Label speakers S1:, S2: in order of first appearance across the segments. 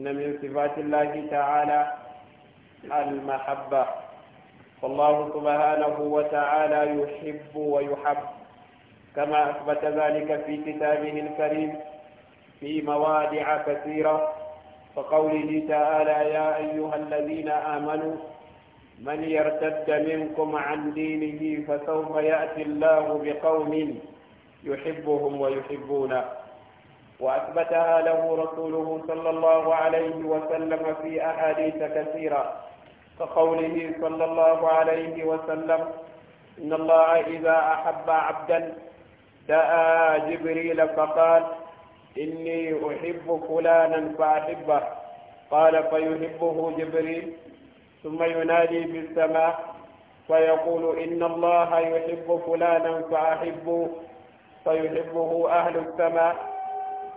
S1: إن من صفات الله تعالى المحبة فالله سبحانه وتعالى يحب ويحب كما أثبت ذلك في كتابه الكريم في مواضع كثيرة فقوله تعالى يا أيها الذين آمنوا من يرتد منكم عن دينه فسوف يأتي الله بقوم يحبهم ويحبونه وأثبتها له رسوله صلى الله عليه وسلم في أحاديث كثيرة كقوله صلى الله عليه وسلم إن الله إذا أحب عبدا دعا جبريل فقال إني أحب فلانا فأحبه قال فيحبه جبريل ثم ينادي في السماء فيقول إن الله يحب فلانا فأحبه فيحبه أهل السماء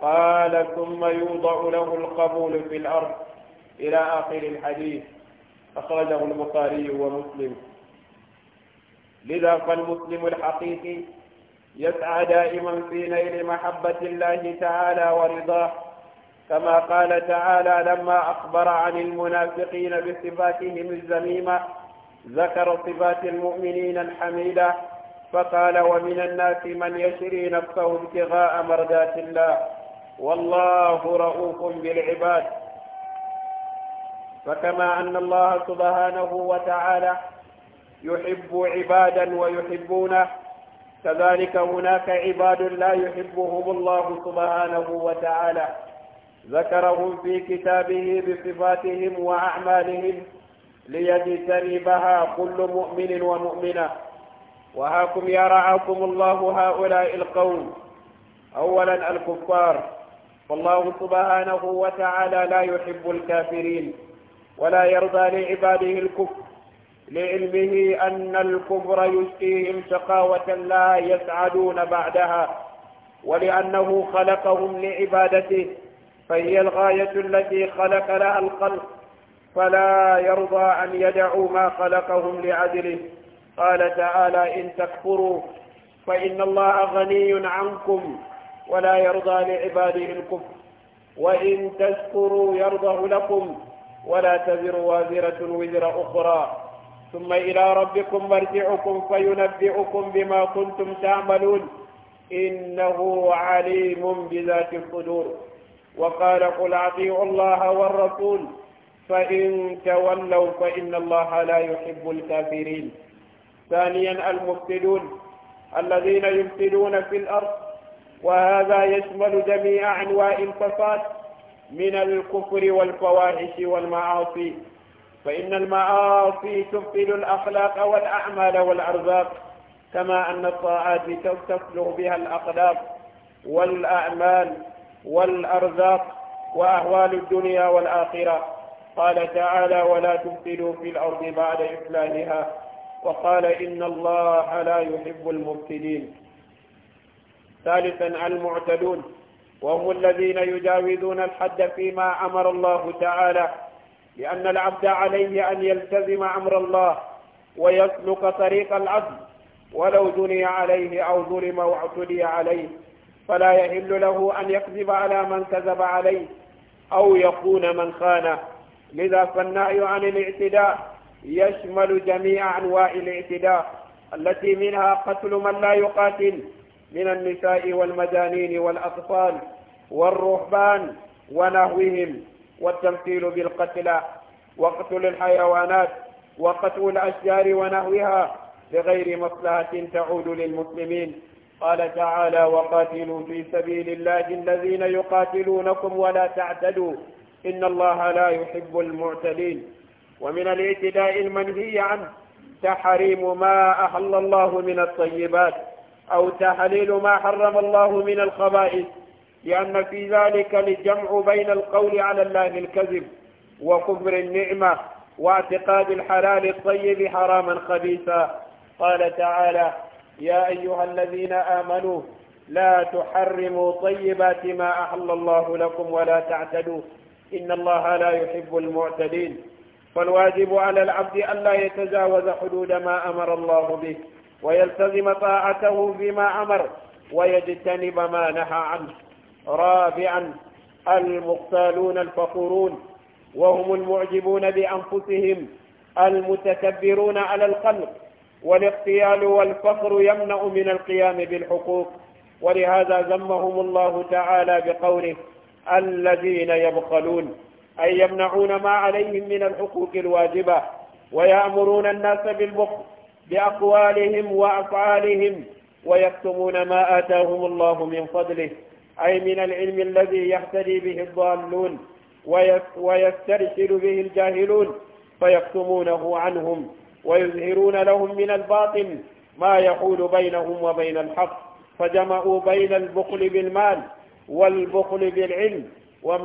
S1: قال ثم يوضع له القبول في الأرض إلى آخر الحديث أخرجه البخاري ومسلم لذا فالمسلم الحقيقي يسعى دائما في نيل محبة الله تعالى ورضاه كما قال تعالى لما أخبر عن المنافقين بصفاتهم الذميمة ذكر صفات المؤمنين الحميدة فقال ومن الناس من يشري نفسه ابتغاء مرضات الله والله رؤوف بالعباد فكما أن الله سبحانه وتعالى يحب عبادا ويحبونه كذلك هناك عباد لا يحبهم الله سبحانه وتعالى ذكرهم في كتابه بصفاتهم وأعمالهم ليجتنبها كل مؤمن ومؤمنة وهاكم يا رعاكم الله هؤلاء القوم أولا الكفار فالله سبحانه وتعالى لا يحب الكافرين ولا يرضى لعباده الكفر لعلمه أن الكفر يسقيهم شقاوة لا يسعدون بعدها ولأنه خلقهم لعبادته فهي الغاية التي خلق لها الخلق فلا يرضى أن يدعوا ما خلقهم لعدله قال تعالى إن تكفروا فإن الله غني عنكم ولا يرضى لعباده الكفر وإن تشكروا يرضه لكم ولا تزر وازرة وزر أخرى ثم إلى ربكم مرجعكم فينبئكم بما كنتم تعملون إنه عليم بذات الصدور وقال قل أطيعوا الله والرسول فإن تولوا فإن الله لا يحب الكافرين ثانيا المفسدون الذين يفسدون في الأرض وهذا يشمل جميع أنواع الفساد من الكفر والفواحش والمعاصي فإن المعاصي تبطل الأخلاق والأعمال والأرزاق كما أن الطاعات تصلح بها الأخلاق والأعمال والأرزاق وأهوال الدنيا والآخرة قال تعالى ولا تبطلوا في الأرض بعد إفلالها وقال إن الله لا يحب المبتلين ثالثا المعتدون وهم الذين يجاوزون الحد فيما أمر الله تعالى لأن العبد عليه أن يلتزم أمر الله ويسلك طريق العدل ولو جني عليه أو ظلم واعتدي عليه فلا يحل له أن يكذب على من كذب عليه أو يخون من خانه لذا فالنهي عن الاعتداء يشمل جميع أنواع الاعتداء التي منها قتل من لا يقاتل من النساء والمجانين والأطفال والرهبان ونحوهم والتمثيل بالقتلى وقتل الحيوانات وقتل الأشجار ونحوها بغير مصلحة تعود للمسلمين قال تعالى وقاتلوا في سبيل الله الذين يقاتلونكم ولا تعتدوا إن الله لا يحب المعتدين ومن الاعتداء المنهي عنه تحريم ما أحل الله من الطيبات أو تحليل ما حرم الله من الخبائث لأن في ذلك الجمع بين القول على الله الكذب وكفر النعمة واعتقاد الحلال الطيب حراما خبيثا قال تعالى يا أيها الذين آمنوا لا تحرموا طيبات ما أحل الله لكم ولا تعتدوا إن الله لا يحب المعتدين فالواجب على العبد أن لا يتجاوز حدود ما أمر الله به ويلتزم طاعته فيما أمر ويجتنب ما نهى عنه رابعا المقتالون الفخورون وهم المعجبون بأنفسهم المتكبرون على الخلق والاقتيال والفخر يمنع من القيام بالحقوق ولهذا ذمهم الله تعالى بقوله الذين يبخلون أي يمنعون ما عليهم من الحقوق الواجبة ويأمرون الناس بالبخل بأقوالهم وأفعالهم ويكتمون ما آتاهم الله من فضله أي من العلم الذي يهتدي به الضالون ويسترسل به الجاهلون فيكتمونه عنهم ويظهرون لهم من الباطل ما يحول بينهم وبين الحق فجمعوا بين البخل بالمال والبخل بالعلم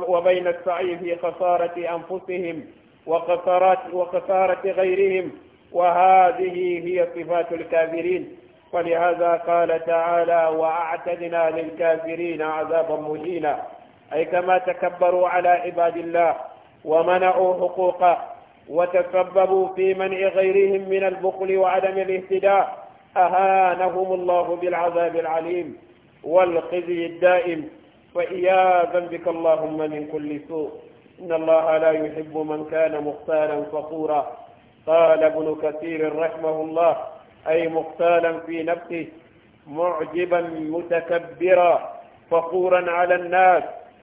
S1: وبين السعي في خسارة أنفسهم وخسارات وخسارة غيرهم وهذه هي صفات الكافرين ولهذا قال تعالى وأعتدنا للكافرين عذابا مهينا أي كما تكبروا على عباد الله ومنعوا حقوقه وتسببوا في منع غيرهم من البخل وعدم الاهتداء أهانهم الله بالعذاب العليم والخزي الدائم وإياذا بك اللهم من كل سوء إن الله لا يحب من كان مختالا فخورا قال ابن كثير رحمه الله أي مختالا في نفسه معجبا متكبرا فخورا على الناس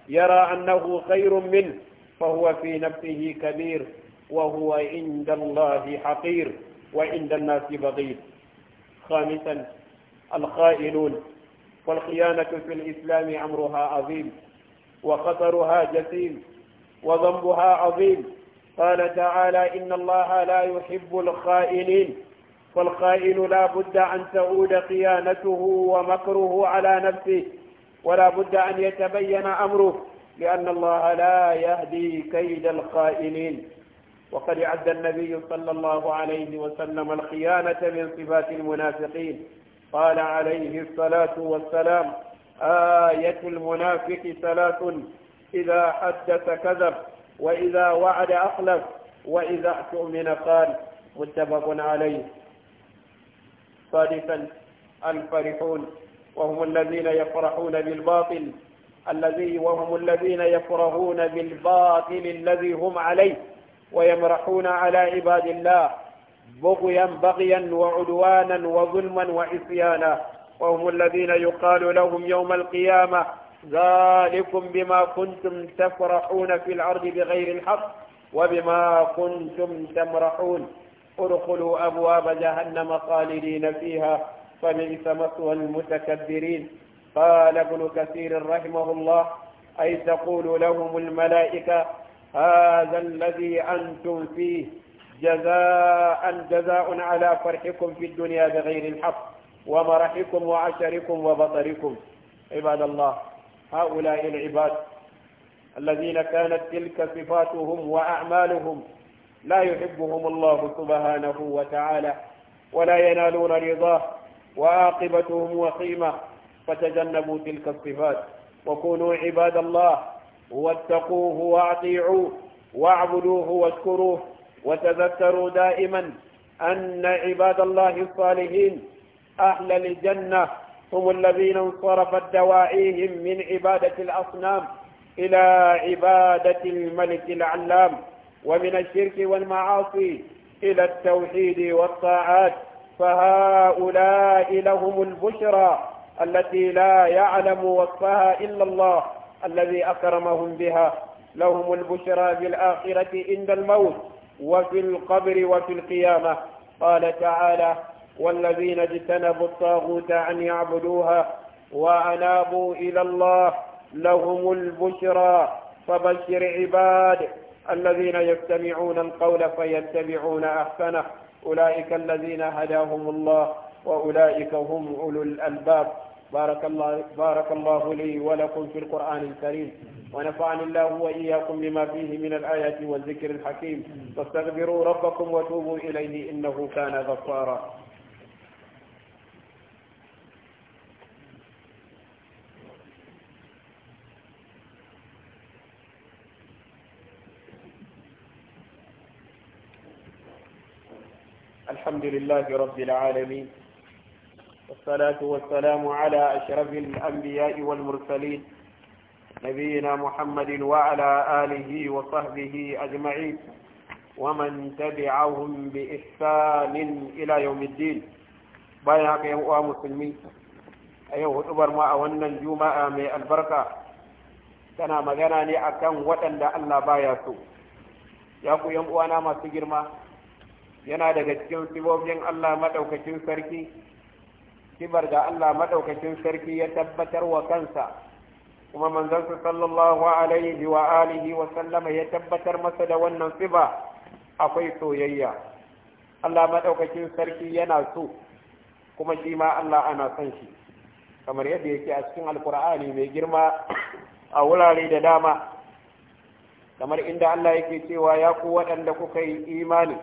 S1: يرى أنه خير منه فهو في نفسه كبير وهو عند الله حقير وعند الناس بغير خامسا الخائنون والخيانة في الإسلام أمرها عظيم وخطرها جسيم وذنبها عظيم قال تعالى إن الله لا يحب الخائنين والخائن لا بد أن تعود خيانته ومكره على نفسه ولا بد أن يتبين أمره لأن الله لا يهدي كيد الخائنين وقد عد النبي صلى الله عليه وسلم الخيانة من صفات المنافقين قال عليه الصلاة والسلام آية المنافق ثلاث إذا حدث كذب وإذا وعد أخلف وإذا اؤتمن قال متفق عليه ثالثا الفرحون وهم الذين يفرحون بالباطل الذي وهم الذين يفرحون بالباطل الذي هم عليه ويمرحون على عباد الله بغيا بغيا وعدوانا وظلما وعصيانا وهم الذين يقال لهم يوم القيامه ذلكم بما كنتم تفرحون في الأرض بغير الحق وبما كنتم تمرحون ادخلوا أبواب جهنم خالدين فيها فبئس مثوى المتكبرين قال ابن كثير رحمه الله أي تقول لهم الملائكة هذا الذي أنتم فيه جزاء جزاء على فرحكم في الدنيا بغير الحق ومرحكم وعشركم وبطركم عباد الله هؤلاء العباد الذين كانت تلك صفاتهم وأعمالهم لا يحبهم الله سبحانه وتعالى ولا ينالون رضاه وعاقبتهم وخيمة فتجنبوا تلك الصفات وكونوا عباد الله واتقوه واطيعوه واعبدوه واشكروه وتذكروا دائما أن عباد الله الصالحين أهل الجنة هم الذين انصرفت دواعيهم من عبادة الأصنام إلى عبادة الملك العلام ومن الشرك والمعاصي إلى التوحيد والطاعات فهؤلاء لهم البشرى التي لا يعلم وصفها إلا الله الذي أكرمهم بها لهم البشرى في الآخرة عند الموت وفي القبر وفي القيامة قال تعالى والذين اجتنبوا الطاغوت أن يعبدوها وأنابوا إلى الله لهم البشرى فبشر عباد الذين يستمعون القول فيتبعون أحسنه أولئك الذين هداهم الله وأولئك هم أولو الألباب بارك الله, بارك الله لي ولكم في القرآن الكريم ونفعني الله وإياكم بما فيه من الآيات والذكر الحكيم فاستغفروا ربكم وتوبوا إليه إنه كان غفارا الحمد لله رب العالمين والصلاة والسلام على أشرف الأنبياء والمرسلين نبينا محمد وعلى آله وصحبه أجمعين ومن تبعهم بإحسان إلى يوم الدين بايعك يا مسلمين أيوه أكبر ما أولنا الجمعة من البركة tana magana ne akan waɗanda Allah baya so ya ku yan uwana masu girma yana daga cikin sibobin Allah madaukakin sarki kibar da Allah madaukakin sarki ya tabbatar wa kansa kuma manzansa sallallahu alaihi wa alihi wa sallama ya tabbatar masa da wannan siba akwai soyayya Allah madaukakin sarki yana so kuma shi ma Allah ana son shi kamar yadda yake a cikin alkur'ani mai girma a wurare da dama kamar inda Allah yake cewa ya ku waɗanda kuka yi imani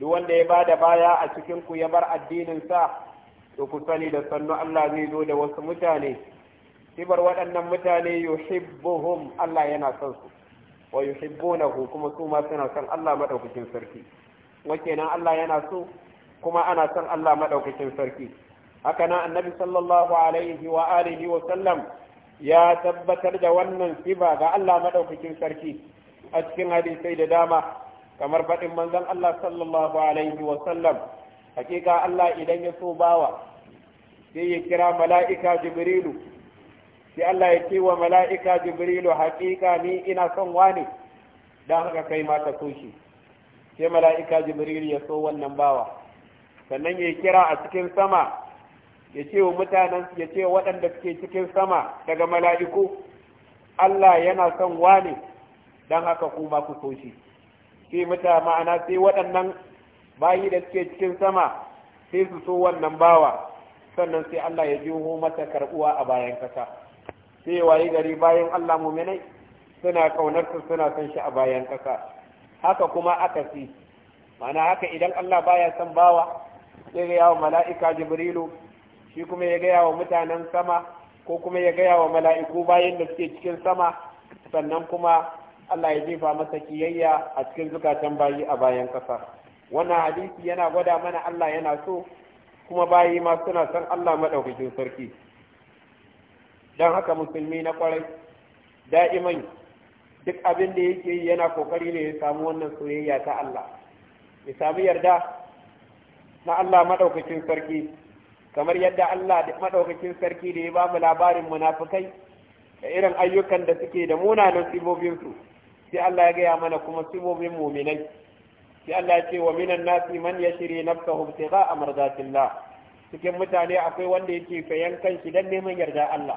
S1: duk wanda ya bada baya a cikin ku ya bar addinin sa to ku sani da sannu Allah zai zo da wasu mutane kibar waɗannan mutane yuhibbuhum Allah yana son su wa yuhibbunahu kuma su ma suna son Allah madaukakin sarki nan Allah yana so kuma ana son Allah madaukakin sarki haka nan annabi sallallahu alaihi wa alihi wa sallam ya tabbatar da wannan siba ga Allah madaukakin sarki a cikin hadisai da dama kamar faɗin manzon Allah sallallahu alaihi wa sallam hakika Allah idan ya so bawa sai ya kira mala'ika jibrilu sai Allah ya ce wa mala'ika jibrilu hakika ni ina son wane dan haka kai ma ka so shi sai mala'ika jibrilu ya so wannan bawa sannan ya kira a cikin sama ya ce wa mutanen ya ce waɗanda suke cikin sama daga mala'iku Allah yana son wane dan haka kuma ku so shi sai muta ma'ana sai waɗannan bayi da suke cikin sama sai su so wannan bawa sannan sai Allah ya jiho mata karbuwa a bayan kasa sai waye gari bayan Allah muminai suna kaunarsa suna son shi a bayan kasa haka kuma aka si ma'ana haka idan Allah baya son bawa sai ga yawo mala'ika jibrilu shi kuma ya gaya wa mutanen sama ko kuma ya gaya wa mala'iku bayan da suke cikin sama sannan kuma Allah ya jefa masa kiyayya a cikin zukatan bayi a bayan ƙasa wannan hadisi yana gwada mana Allah yana so kuma bayi ma suna son Allah maɗaukacin sarki don haka musulmi na ƙwarai, da'iman duk abin da yake yi yana ƙoƙari ne ya samu wannan soyayya ta Allah ya samu yarda na Allah maɗaukacin sarki kamar yadda Allah maɗaukakin sarki da ya ba mu labarin munafukai da irin ayyukan da suke da munanan sibobinsu sai Allah ya gaya mana kuma sibobin muminai sai Allah ya ce wa minan nasi man yashri nafsahu ibtigha amradatillah cikin mutane akwai wanda yake fayan kanshi dan neman yarda Allah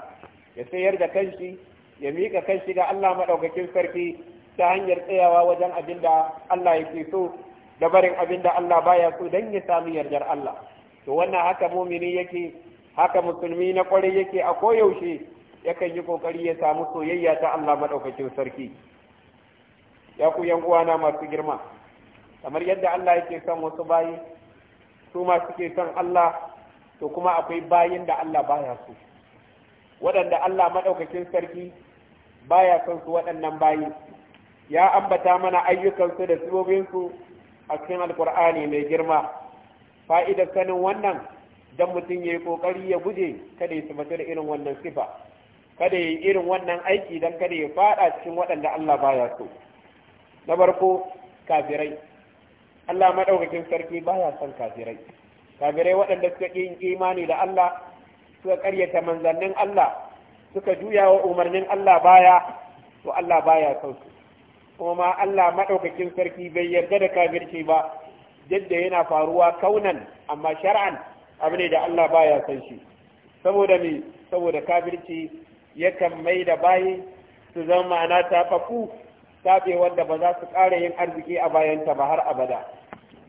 S1: ya sayar da kanshi ya mika kanshi ga Allah madaukakin sarki ta hanyar tsayawa wajen abin da Allah yake so da barin abin da Allah baya so dan ya samu yardar Allah to wannan haka mumini yake haka musulmi na kwarai yake a koyaushe yakan yi kokari ya samu soyayya ta Allah madaukakin sarki ya ku yan na masu girma kamar yadda Allah yake son wasu bayi su ma suke son Allah to kuma akwai bayin da Allah baya so waɗanda Allah maɗaukakin sarki baya son su waɗannan bayi ya ambata mana ayyukansu da sibobinsu a cikin alkur'ani mai girma Fa'ida sanin wannan don mutum ya yi ƙoƙari ya guje kada ya tabbata da irin wannan sifa kada ya yi irin wannan aiki don kada ya faɗa cikin waɗanda Allah baya so. na farko kafirai Allah maɗaukakin sarki baya son kafirai kafirai waɗanda suka yin imani da Allah suka ƙaryata manzannin Allah suka juya wa umarnin Allah baya to Allah baya son su kuma ma Allah maɗaukakin sarki bai yarda da kafirci ba jadda yana faruwa kaunan amma shar'an abu ne da Allah baya son shi saboda me saboda kafirci yakan mai da bayi su zama ma'ana tafafu tabe wanda ba za su ƙara yin arziki a bayanta ba har abada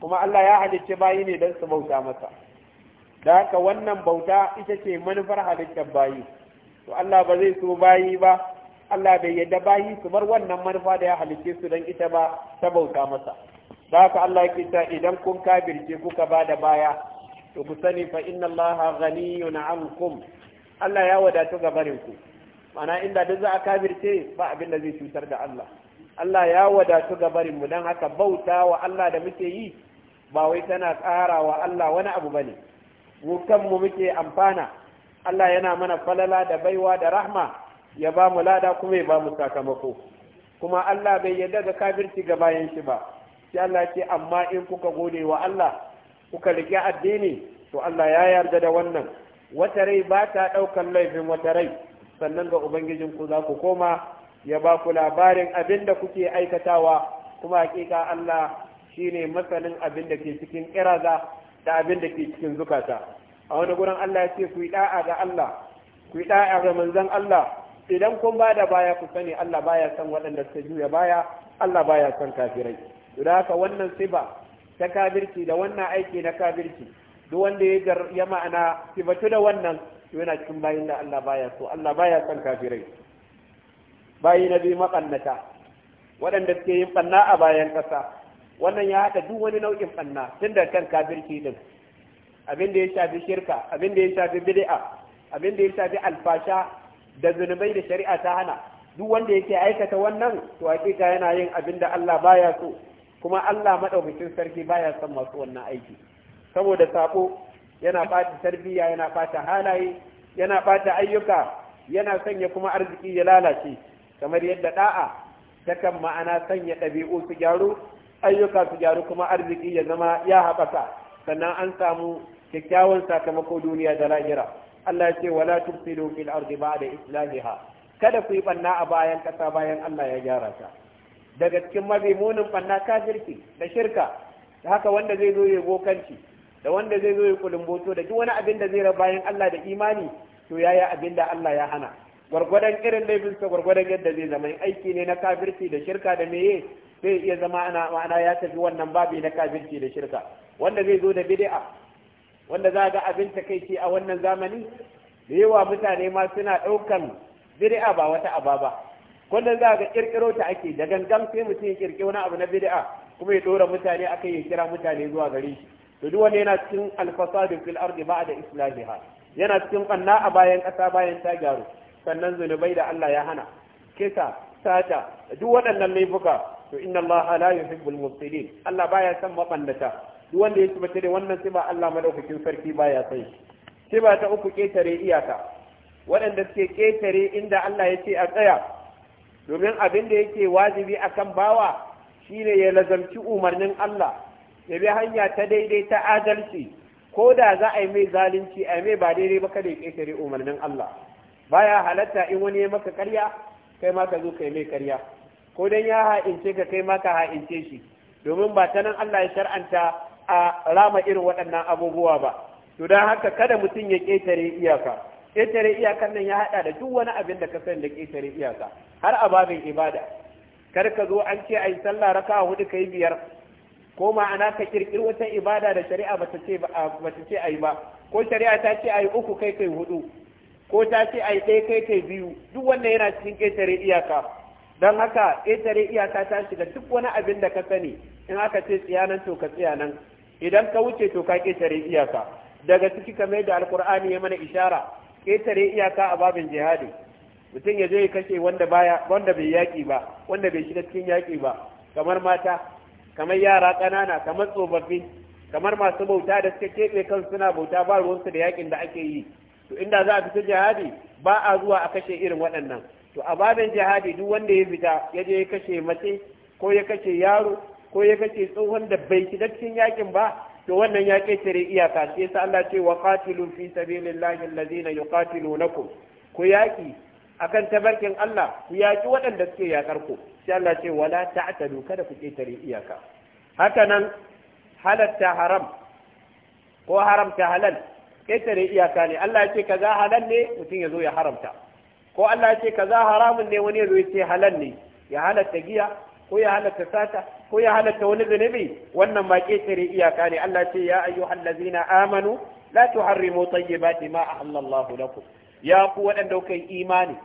S1: kuma Allah ya halicci bayi ne don su bauta masa da haka wannan bauta ita ce manufar halittar bayi to Allah ba zai so bayi ba Allah bai yadda bayi su bar wannan manufa da ya halicce su don ita ba ta bauta masa da haka Allah yake ta idan kun kabirce kuka ba da baya to ku sani fa inna Allah ghaniyun ankum Allah ya wadatu gabarin ku mana inda duk za a kabirce, ba abin da zai cutar da Allah Allah ya wadatu ga barinmu don haka bauta wa Allah da muke yi ba wai tana ƙara wa Allah wani abu ba ne mu kanmu muke amfana Allah yana mana falala da baiwa da rahma ya ba mu lada kuma ya ba mu sakamako kuma Allah bai yarda da kafirci ga bayan shi ba shi Allah ce amma in kuka gode wa Allah kuka riƙe addini to Allah ya yarda da wannan wata rai ba ta ɗaukan laifin wata rai sannan ga ubangijinku za ku koma ya ba ku labarin abin da kuke aikatawa kuma hakika Allah shine masanin abin da ke cikin iraza da abin da ke cikin zukata a wani gurin Allah ya ce ku yi da'a ga Allah ku yi da'a ga manzon Allah idan kun ba da baya ku sani Allah baya san waɗanda suka juya baya Allah baya san kafirai to da haka wannan siba ta kafirci da wannan aiki na kafirci duk wanda ya ya ma'ana sibatu da wannan yana cikin bayin da Allah baya so Allah baya san kafirai bayi na biyu maɓannata waɗanda suke yin ɓanna a bayan ƙasa wannan ya haɗa duk wani nau'in ɓanna tun da kan kafirci din abin da ya shafi shirka abin da ya shafi bid'a abin da ya shafi alfasha da zunubai da shari'a ta hana duk wanda yake aikata wannan to hakika yana yin abin da Allah baya so kuma Allah madaukakin sarki baya son masu wannan aiki saboda sako yana ɓata tarbiyya yana ɓata halaye yana fata ayyuka yana sanya kuma arziki ya lalace kamar yadda da'a takan ma'ana sanya ɗabi'u su gyaru ayyuka su gyaru kuma arziki ya zama ya haɓaka sannan an samu kyakkyawan sakamako duniya da lahira Allah ya ce wala tufsidu fil ardi ba'da islahiha kada ku yi banna a bayan ƙasa bayan Allah ya gyara ta daga cikin mazimunin banna kafirki da shirka da haka wanda zai zo ya bokanci da wanda zai zo ya kulumboto da duk wani abin da zai bayan Allah da imani to yaya abin da Allah ya hana gwargwadon irin laifinsa gwargwadon yadda zai zama aiki ne na kafirci da shirka da meye zai iya zama ana ma'ana ya tafi wannan babi na kafirci da shirka wanda zai zo da bid'a wanda za ga abin takaici a wannan zamani da yawa mutane ma suna ɗaukan bid'a ba wata aba ba kullum za ga kirkiro ta ake da gangan sai mutum ya kirki wani abu na bid'a kuma ya dora mutane akai ya kira mutane zuwa gare shi to duk wanda yana cikin alfasadu fil ardi ba'da islahiha yana cikin kanna a bayan kasa bayan ta gyaru sannan zunubai da Allah ya hana kisa sata duk waɗannan laifuka to inna Allah la yuhibbul mubtilin Allah baya son mabandata duk wanda ya ci da wannan ba Allah madaukakin sarki baya sai shi ba ta uku ketare iyaka waɗanda suke ketare inda Allah ya ce a tsaya domin abin da yake wajibi akan bawa shine ya lazamci umarnin Allah ya bi hanya ta daidai ta adalci ko da za a yi mai zalunci a yi mai ba daidai ba kada ya ketare umarnin Allah baya halatta in wani ya maka karya kai ma ka zo kai mai karya ko dan ya ha'ince ka kai ma ka ha'ince shi domin ba ta nan Allah ya shar'anta a rama irin waɗannan abubuwa ba to dan haka kada mutum ya ƙetare iyaka ƙetare iyakan nan ya haɗa da duk wani abin da ka san da ƙetare iyaka har a babin ibada kar ka zo an ce ayi sallah raka hudu ka biyar ko ma'ana ka kirkiri wata ibada da shari'a bata ce a yi ba ko shari'a ta ce a uku kai kai hudu ko ta ce a yi ɗaya kai kai biyu duk wanda yana cikin ƙetare iyaka don haka ƙetare iyaka ta shiga duk wani abin da ka sani in aka ce tsiyanan to ka tsiyanan idan ka wuce to ka ƙetare iyaka daga ciki kamar da alkur'ani ya mana ishara ƙetare iyaka a babin jihadi mutum ya zo ya kashe wanda baya wanda bai yaƙi ba wanda bai shiga cikin yaƙi ba kamar mata kamar yara ƙanana kamar tsofaffi kamar masu bauta da suka keɓe kan suna bauta ba ruwansu da yaƙin da ake yi to inda za a fita jihadi ba a zuwa a kashe irin waɗannan to a babin jihadi duk wanda ya fita ya je ya kashe mace ko ya kashe yaro ko ya kashe tsohon da bai shiga cikin yakin ba to wannan ya ƙetare iyaka shi yasa Allah ce wa qatilu fi sabilillahi allazina yuqatilunakum ku yaki akan tabarkin Allah ku yaki waɗanda suke yakar ku sai Allah ce wala ta'tadu kada ku ƙetare iyaka haka nan halatta haram ko haramta halal ƙetare iyaka ne Allah ya ce kaza halal ne mutum ya zo ya haramta ko Allah ya ce kaza haramun ne wani ya zo ya ce halal ne ya halatta giya ko ya halatta sata ko ya halatta wani zunubi wannan ba ƙetare iyaka ne Allah ce ya ayyuhal ladzina amanu la tuharrimu tayyibati ma ahallallahu lakum ya ku waɗanda kuka yi imani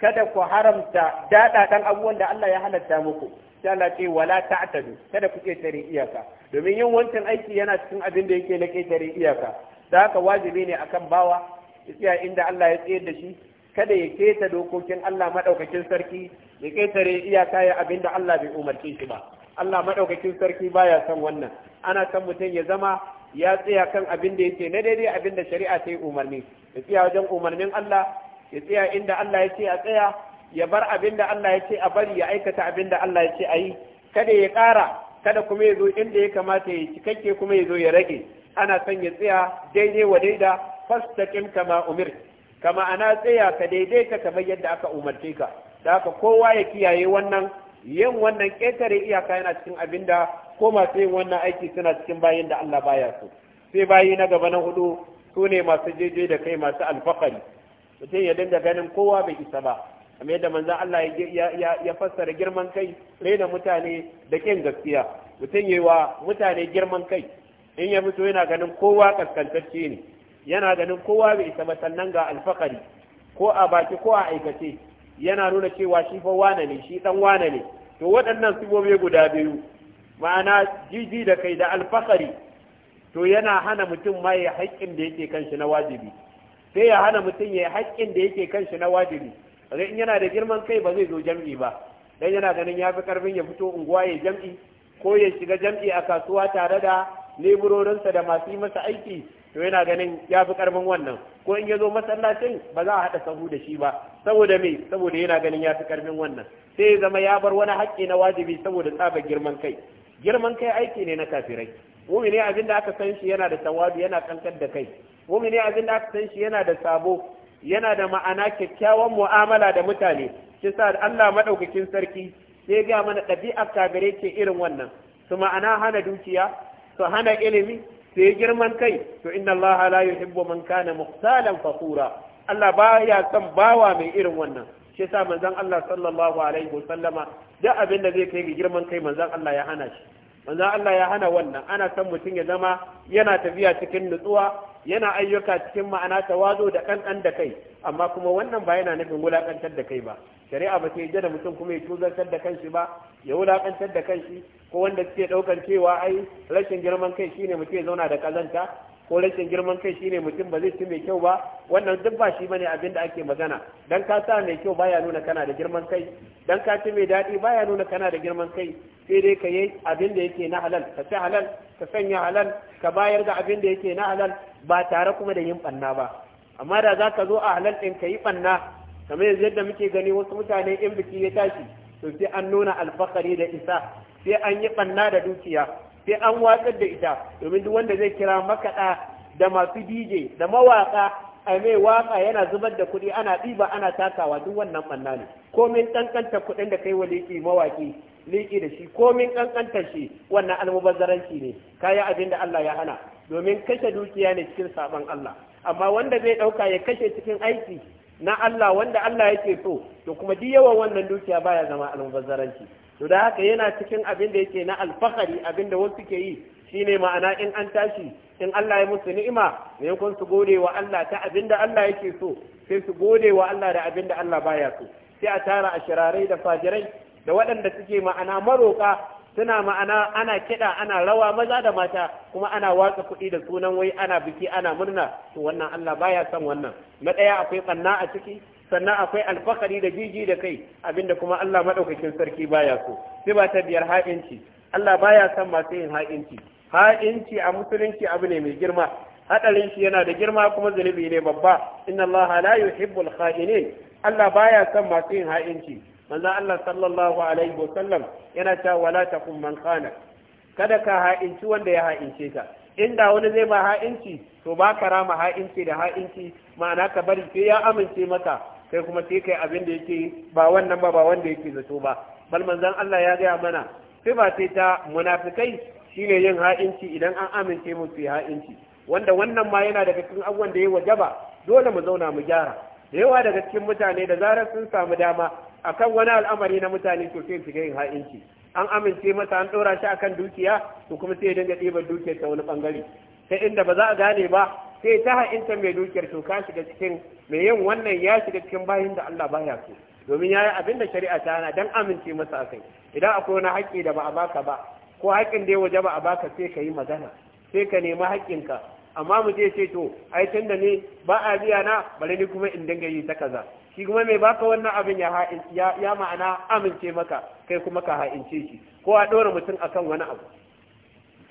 S1: kada ku haramta daɗaɗan abubuwan da Allah ya halatta muku sai Allah ce wala ta'tadu kada ku ƙetare iyaka domin yin wancan aiki yana cikin abin da yake na ƙetare iyaka da haka wajibi ne akan bawa ya inda Allah ya tsayar da shi kada ya keta dokokin Allah madaukakin sarki ya ketare iyaka ya abinda Allah bai umarce shi ba Allah madaukakin sarki baya son wannan ana san mutum ya zama ya tsaya kan abin da yake na daidai abin da shari'a ta yi umarni ya tsaya wajen umarnin Allah ya tsaya inda Allah ya ce a tsaya ya bar abin da Allah ya ce a bari ya aikata abin da Allah ya ce a yi kada ya ƙara kada kuma ya zo inda ya kamata ya cikakke kuma ya zo ya rage ana son ya tsaya daidai wa daida fastaqim kama umir kama ana tsaya ka daidaita kamar yadda aka umarce ka da haka kowa ya kiyaye wannan yin wannan ƙetare iyaka yana cikin abinda ko masu yin wannan aiki suna cikin bayin da Allah baya su sai bayi na gaba na hudu su ne masu jeje da kai masu alfakari mutum ya dinga ganin kowa bai isa ba kamar yadda manzo Allah ya fassara girman kai rena mutane da kin gaskiya mutum yi wa mutane girman kai in ya fito yana ganin kowa kaskantacce ne yana ganin kowa bai isa ba sannan ga alfakari ko a baki ko a aikace yana nuna cewa shi fa wane ne shi dan wane ne to waɗannan sibobi guda biyu ma'ana jiji da kai da alfakari to yana hana mutum ma ya haƙƙin da yake kanshi na wajibi sai ya hana mutum ya haƙƙin da yake kanshi na wajibi in yana da girman kai ba zai zo jam'i ba dan yana ganin ya fi karfin ya fito unguwa ya jam'i ko ya shiga jam'i a kasuwa tare da leburorinsa da masu yi masa aiki to yana ganin ya fi karfin wannan ko in ya zo masallacin ba za a haɗa sahu da shi ba saboda me saboda yana ganin ya fi karfin wannan sai ya zama ya bar wani haƙƙi na wajibi saboda tsaba girman kai girman kai aiki ne na kafirai mumini abinda aka san shi yana da tawadu yana kankan da kai mumini abinda aka san shi yana da sabo yana da ma'ana kyakkyawan mu'amala da mutane shi sa Allah madaukakin sarki sai ga mana ɗabi'ar kafirai ke irin wannan su ma'ana hana dukiya su hana ilimi su yi girman kai to inna allaha la yuhibbu man kana muhtalan fakura Allah baya son bawa mai irin wannan shi yasa manzon Allah sallallahu alaihi wasallama da abin da zai kai ga girman kai manzon Allah ya hana shi manzon Allah ya hana wannan ana son mutum ya zama yana tafiya cikin nutsuwa yana ayyuka cikin ma'ana wazo da kankan da kai amma kuma wannan ba yana nufin wulakantar da kai ba shari'a ba ta yi da mutum kuma ya tuzartar da kanshi ba ya wulakantar da kanshi ko wanda suke daukar cewa ai rashin girman kai shine mutum ya zauna da kazanta ko rashin girman kai shine mutum ba zai ci mai kyau ba wannan duk ba shi bane abin da ake magana dan ka sa mai kyau baya nuna kana da girman kai dan ka ci mai daɗi baya nuna kana da girman kai sai dai ka yi abin da yake na halal ka ci halal ka sanya halal ka bayar da abin da yake na halal ba tare kuma da yin banna ba amma da za ka zo a halal ɗin ka yi banna kamar yanzu yadda muke gani wasu mutane in biki ya tashi to sai an nuna alfakari da isa sai an yi banna da dukiya sai an watsar da ita domin duk wanda zai kira makaɗa da masu dj da mawaƙa a mai waƙa yana zubar da kuɗi ana ɗiba ana takawa duk wannan banna ne komin ƙanƙanta kuɗin da kai waliki mawaƙi liƙi da shi komin ƙanƙantar shi wannan almubazzaranci ne kaya abin da Allah ya hana domin kashe dukiya ne cikin saban Allah amma wanda zai ɗauka ya kashe cikin aiki na Allah wanda Allah yake so to kuma duk yawan wannan dukiya baya zama almubazzaranci to da haka yana cikin abin da yake na alfahari abin da wasu ke yi shine ma'ana in an tashi in Allah ya musu ni'ima ne kun su gode wa Allah ta abin da Allah yake so sai su gode wa Allah da abin da Allah baya so sai a tara ashirarai da fajirai da waɗanda suke ma'ana maroƙa suna ma'ana ana kiɗa ana rawa maza da mata kuma ana watsa kuɗi da sunan wai ana biki ana murna to wannan Allah baya son wannan na ɗaya akwai ƙanna a ciki sannan akwai alfakari da jiji da kai abinda kuma Allah maɗaukakin sarki baya so sai ba ta biyar ha'inci Allah baya son masu yin ha'inci ha'inci a musulunci abu ne mai girma hadarin shi yana da girma kuma zunubi ne babba inna Allah la yuhibbul kha'inin Allah baya son masu yin ha'inci manzo Allah sallallahu alaihi wasallam yana ta wala takum man khana kada ka ha'inci wanda ya ha'ince ka inda wani zai ba ha'inci to ba ka rama ha'inci da ha'inci ma'ana ka bari sai ya amince maka kai kuma sai kai abin da yake ba wannan ba ba wanda yake zato ba bal manzon Allah ya gaya mana ba sai ta munafikai shine yin ha'inci idan an amince musu ya ha'inci wanda wannan ma yana daga cikin abubuwan da ya wajaba dole mu zauna mu gyara da yawa daga cikin mutane da zarar sun samu dama akan wani al'amari na mutane to sai shiga yin ha'inci an amince masa an ɗora shi akan dukiya to kuma sai ya dinga ɗiban dukiyar ta wani bangare ta inda ba za a gane ba sai ta ha'inta mai dukiyar to ka shiga cikin mai yin wannan ya shiga cikin bayin da Allah baya so domin ya yi abin da shari'a ta hana dan amince masa akai idan akwai wani haƙƙi da ba a baka ba ko haƙƙin da ya waje ba a baka sai ka yi magana sai ka nemi ka amma mu je ce to ai tunda ne ba a biya na bari ni kuma in dinga yi ta kaza shi kuma mai baka wannan abin ya ha'inci ya ma'ana amince maka kai kuma ka ha'ince shi ko a ɗora mutum akan wani abu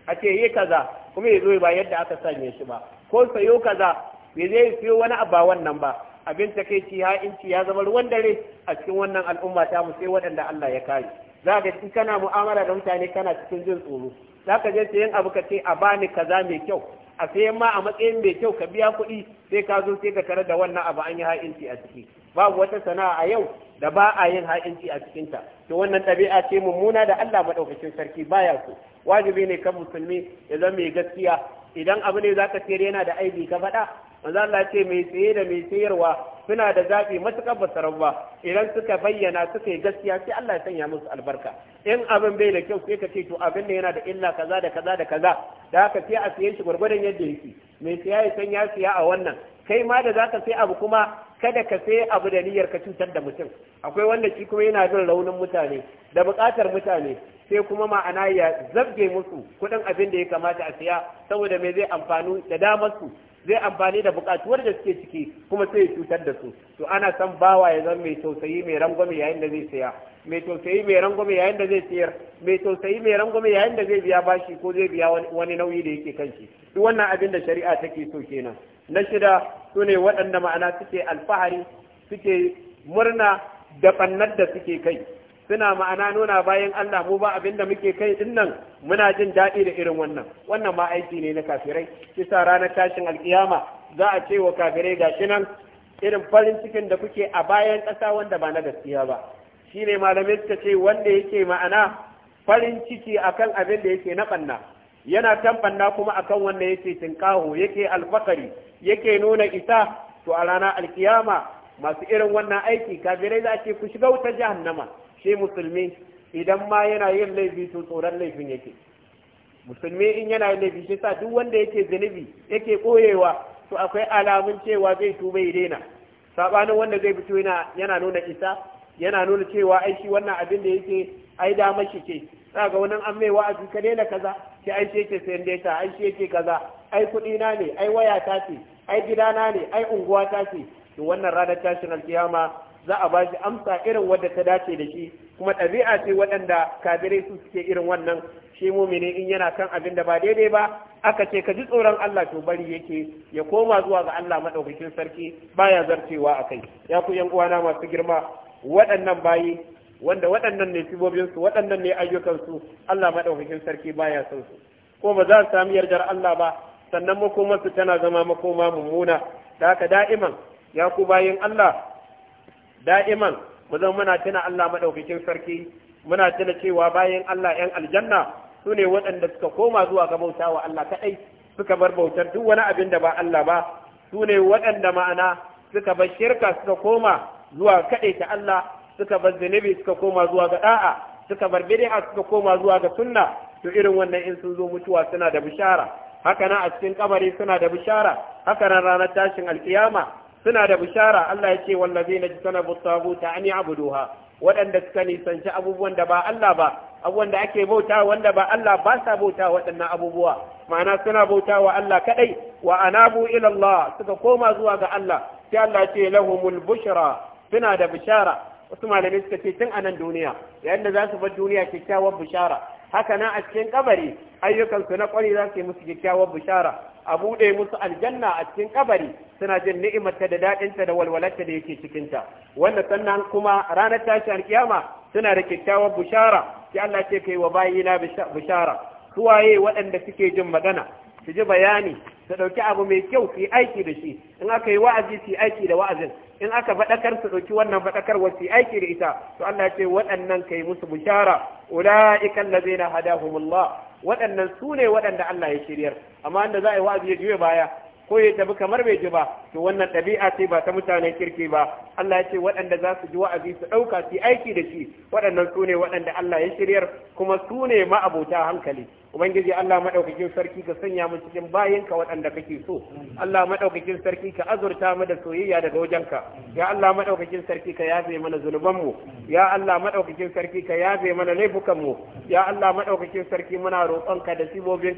S1: a ce yi kaza kuma ya zo ba yadda aka sanya shi ba ko sayo kaza ya zai siyo wani abu ba wannan ba abin ci ha'inci ya zama ruwan dare a cikin wannan al'umma ta mu sai waɗanda Allah ya kare za ka ci kana mu'amala da mutane kana cikin jin tsoro za ka je sayan abu ka ce a bani kaza mai kyau a sayan ma a matsayin mai kyau ka biya kuɗi sai ka zo sai ka tare da wannan abu an yi ha'inci a ciki babu wata sana'a a yau da ba a yin ha'inci a cikinta to wannan ɗabi'a ce mummuna da Allah maɗaukacin sarki baya so wajibi ne kan musulmi ya zama mai gaskiya idan abu ne zaka sayar yana da aibi ka faɗa manzo Allah ce mai tsaye da mai tsayarwa suna da zaɓi matukar basarar ba idan suka bayyana suka yi gaskiya sai Allah ya sanya musu albarka in abin bai da kyau sai ka ce to abin ne yana da illa kaza da kaza da kaza da haka sai a siye shi gwargwadon yadda yake mai siya ya san ya siya a wannan kai ma da zaka sai abu kuma kada ka sai abu da niyyar ka cutar da mutum akwai wanda shi kuma yana jin raunin mutane da buƙatar mutane sai kuma ma'ana ya zabge musu kuɗin abin da ya kamata a siya saboda mai zai amfani da damar su zai amfani da buƙatuwar da suke ciki kuma sai ya cutar da su to ana son bawa ya zama mai tausayi mai rangwame yayin da zai siya mai tausayi mai rangwame yayin da zai siyar mai tausayi mai rangwame yayin da zai biya bashi ko zai biya wani nauyi da yake kan shi duk wannan abin da shari'a take so kenan na shida su ne waɗanda ma'ana suke alfahari suke murna da ɓannar da suke kai suna ma'ana nuna bayan Allah mu ba abinda muke kai din nan muna jin daɗi da irin wannan wannan ma aiki ne na kafirai kisa ranar tashin alkiyama za a ce wa kafirai shi nan irin farin cikin da kuke a bayan ƙasa wanda ba na gaskiya ba shi ne malamai suka ce wanda yake ma'ana farin ciki akan abin da yake na ɓanna yana tambanna kuma akan wanda yake tinkaho yake alfakari yake nuna isa to a ranar alkiyama masu irin wannan aiki kafirai za a ce ku shiga wutar jahannama shi musulmi idan ma yana yin laifi to tsoron laifin yake musulmi in yana yin laifi shi sa duk wanda yake zunubi yake koyewa to akwai alamun cewa zai tuba ya daina sabanin wanda zai fito yana nuna isa yana nuna cewa ai shi wannan abin da yake ai da mashi ce za ga wani an mai wa'azi ka daina kaza ki ai shi ke sayan data ai yake kaza ai kuɗina na ne ai waya ta ce ai gida na ne ai unguwa ta ce to wannan ranar tashin alkiyama za a bashi amsa irin wadda ta dace da shi kuma ɗabi'a ce waɗanda kabirai su suke irin wannan shi mumini in yana kan abin da ba daidai ba aka ce ka ji tsoron Allah to bari yake ya koma zuwa ga Allah madaukakin sarki baya zarcewa akai ya ku yan uwana masu girma waɗannan bayi wanda waɗannan ne sibobinsu waɗannan ne ayyukansu Allah maɗaukakin sarki baya son su ko ba za su sami yardar Allah ba sannan makomarsu tana zama makoma mummuna da haka da'iman ya ku bayin Allah da'iman mu zama muna tuna Allah maɗaukakin sarki muna tuna cewa bayan Allah 'yan aljanna su ne waɗanda suka koma zuwa ga bauta wa Allah kaɗai suka bar bautar duk wani abin da ba Allah ba su ne waɗanda ma'ana suka bar shirka suka koma zuwa kaɗai ta Allah suka bar zunubi suka koma zuwa ga da'a suka bar bid'a suka koma zuwa ga sunna to irin wannan in sun zo mutuwa suna da bishara haka nan a cikin kabari suna da bishara haka nan ranar tashin alkiyama suna da bishara Allah ya ce wallazina jitanabu taguta an ya'buduha waɗanda suka nisanci abubuwan da ba Allah ba abubuwan da ake bauta wanda ba Allah ba sa bauta waɗannan abubuwa ma'ana suna bauta wa Allah kadai wa anabu ila Allah suka koma zuwa ga Allah sai Allah ce lahumul bushra suna da bishara wasu malamai suka ce tun a nan duniya yayin da za su bar duniya kyakkyawar bishara haka nan a cikin kabari ayyukansu na kwari za su yi musu kyakkyawar bishara a buɗe musu aljanna a cikin kabari suna jin ni'imarta da daɗinta da walwalarta da yake cikinta wanda sannan kuma ranar tashi alkiyama suna da kyakkyawar bishara sai Allah ce kai wa bayina bishara waye waɗanda suke jin magana su ji bayani su ɗauki abu mai kyau su yi aiki da shi in aka yi wa'azi su yi aiki da wa'azin in aka faɗakar su ɗauki wannan faɗakar wasu aiki da ita to Allah ce waɗannan kai musu bishara ulaika allazina hadahumullah waɗannan su ne waɗanda Allah ya shiryar amma inda za a yi wa'azi ya juya baya ko ya tafi kamar bai ji ba to wannan ɗabi'a ce ba ta mutanen kirki ba Allah ya ce waɗanda za su ji wa'azi su ɗauka su aiki da shi waɗannan su ne waɗanda Allah ya shiryar kuma su ne ma'abota hankali ubangiji Allah madaukakin sarki ka sanya mu cikin bayinka waɗanda kake so Allah madaukakin sarki ka azurta mu da soyayya daga wajenka ya Allah madaukakin sarki ka yafe mana zunuban mu ya Allah madaukakin sarki ka yafe mana laifukan mu ya Allah madaukakin sarki muna ka da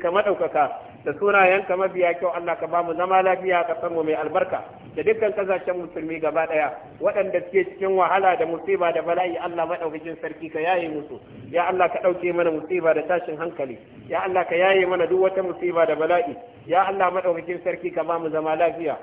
S1: ka madaukaka da sunayenka mabiya kyau Allah ka ba mu zama lafiya ka san mu mai albarka da dukkan kasashen musulmi gaba daya waɗanda suke cikin wahala da musiba da bala'i Allah madaukakin sarki ka yaye musu ya Allah ka ɗauke mana musiba da tashin hankali ya Allah ka yaye mana duk wata musiba da bala'i ya Allah madaukakin sarki ka ba mu zama lafiya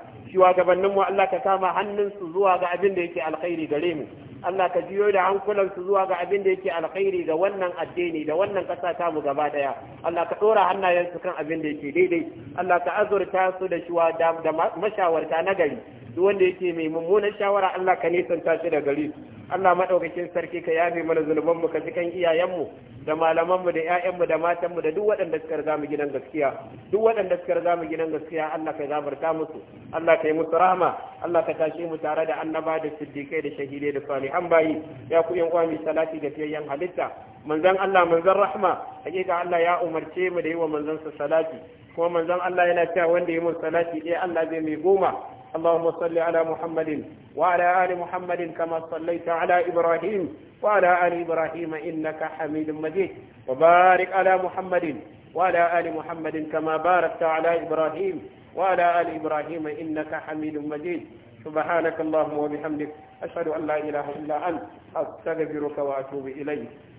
S1: gabanin mu Allah ka kama hannunsu zuwa ga abin da yake alkhairi gare mu Allah ka jiyo da hankulansu zuwa ga abin da yake alkhairi ga wannan addini da wannan kasa ta mu gaba daya Allah ka dora hannayensu kan abin da yake daidai Allah ka azurta su da shiwa da mashawarta na gari duk wanda yake mai mummunan shawara Allah ka nisanta shi da gari Allah madaukakin sarki ka yabe mana zulubanmu ka ji iyayenmu da malamanmu da 'ya'yanmu da matanmu da duk waɗanda suka riga mu gidan gaskiya duk waɗanda suka riga mu gidan gaskiya Allah ka zabarta musu Allah ka yi musu rahama Allah ka tashi mu tare da annaba da siddiqai da shahidai da salihan bayi ya ku yan uwa salati da fiyayyen halitta manzon Allah manzon rahma hakika Allah ya umarce mu da yi wa manzon sa salati kuma manzon Allah yana cewa wanda ya mun salati ɗaya Allah zai mai goma اللهم صل على محمد وعلى آل محمد كما صليت على إبراهيم وعلى آل إبراهيم إنك حميد مجيد وبارك على محمد وعلى آل محمد كما باركت على إبراهيم وعلى آل إبراهيم إنك حميد مجيد سبحانك اللهم وبحمدك أشهد أن لا إله إلا أنت أستغفرك وأتوب إليك